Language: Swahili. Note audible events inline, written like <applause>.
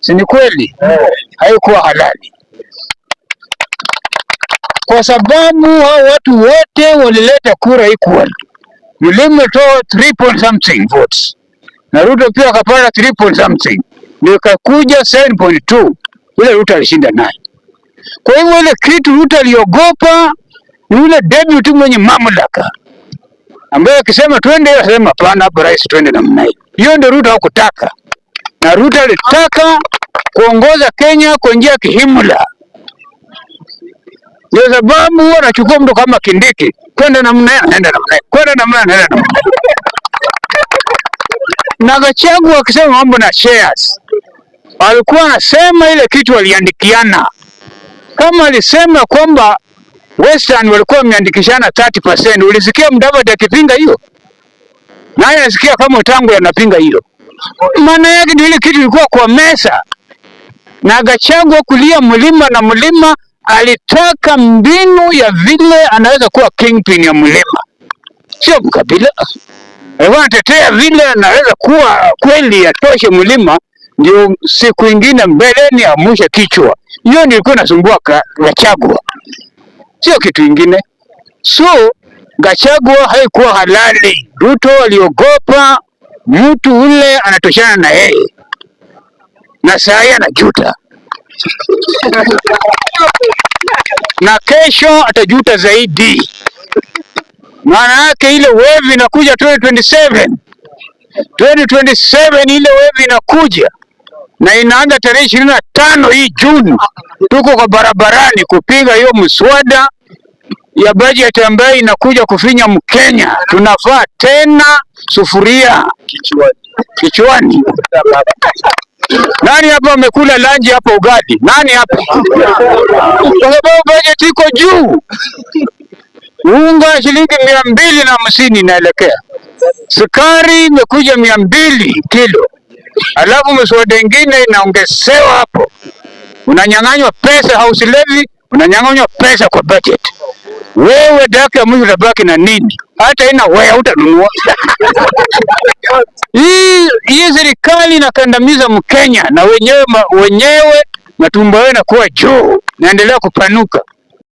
si ni kweli? Haikuwa halali kwa sababu hao watu wote walileta kura equal. Yule toa 3 point something votes na Ruto pia akapata 3 point something, ndio ikakuja 7.2 ile Ruto alishinda naye. Kwa hivyo ile kitu Ruto aliogopa ni yule deputy mwenye mamlaka ambaye akisema twende, yeye asema hapana, hapa rais, twende namna hiyo. Hiyo ndio Ruto hakutaka, na Ruto alitaka kuongoza Kenya kwa njia ya kihimla. Ndio sababu anachukua mtu kama Kindiki, kwenda namna hiyo, anaenda namna hiyo, kwenda namna hiyo, nenda na Gachagua akisema mambo na shares, alikuwa anasema ile kitu waliandikiana. Kama alisema kwamba Western walikuwa wameandikishana 30%, ulisikia Mudavadi akipinga hiyo? Naye anasikia kama tangu anapinga hilo. Maana yake ndio ile kitu ilikuwa kwa meza na Gachagua kulia mlima na mlima, alitaka mbinu ya vile anaweza kuwa kingpin ya mlima, sio mkabila alikuwa eh, anatetea vile anaweza kuwa kweli atoshe mlima, ndio siku ingine mbeleni amushe kichwa. Hiyo ndio ilikuwa inasumbua Gachagua, sio kitu ingine. So Gachagua haikuwa halali. Ruto aliogopa mtu ule anatoshana na yeye, na saa hii anajuta. <laughs> na kesho atajuta zaidi. Maana yake ile wave inakuja 2027 2027 ile wave inakuja na inaanza tarehe ishirini na tano hii Juni. Tuko kwa barabarani kupiga hiyo mswada ya bajeti ambayo inakuja kufinya Mkenya. tunavaa tena sufuria kichwani, kichwani. <laughs> Nani hapa amekula lanji hapa ugali? Nani hapa? Kwa sababu bajeti iko juu, unga shilingi mia mbili na hamsini inaelekea, sukari imekuja mia mbili kilo, alafu miswada ingine inaongezewa hapo. Unanyang'anywa pesa hausilevi, unanyang'anywa pesa kwa bajeti. Wewe daka ya mwisho utabaki na nini? hata ina wewe utanunua. <laughs> Hii hii serikali inakandamiza Mkenya na wenyewe wenyewe matumbo yao inakuwa juu, naendelea kupanuka.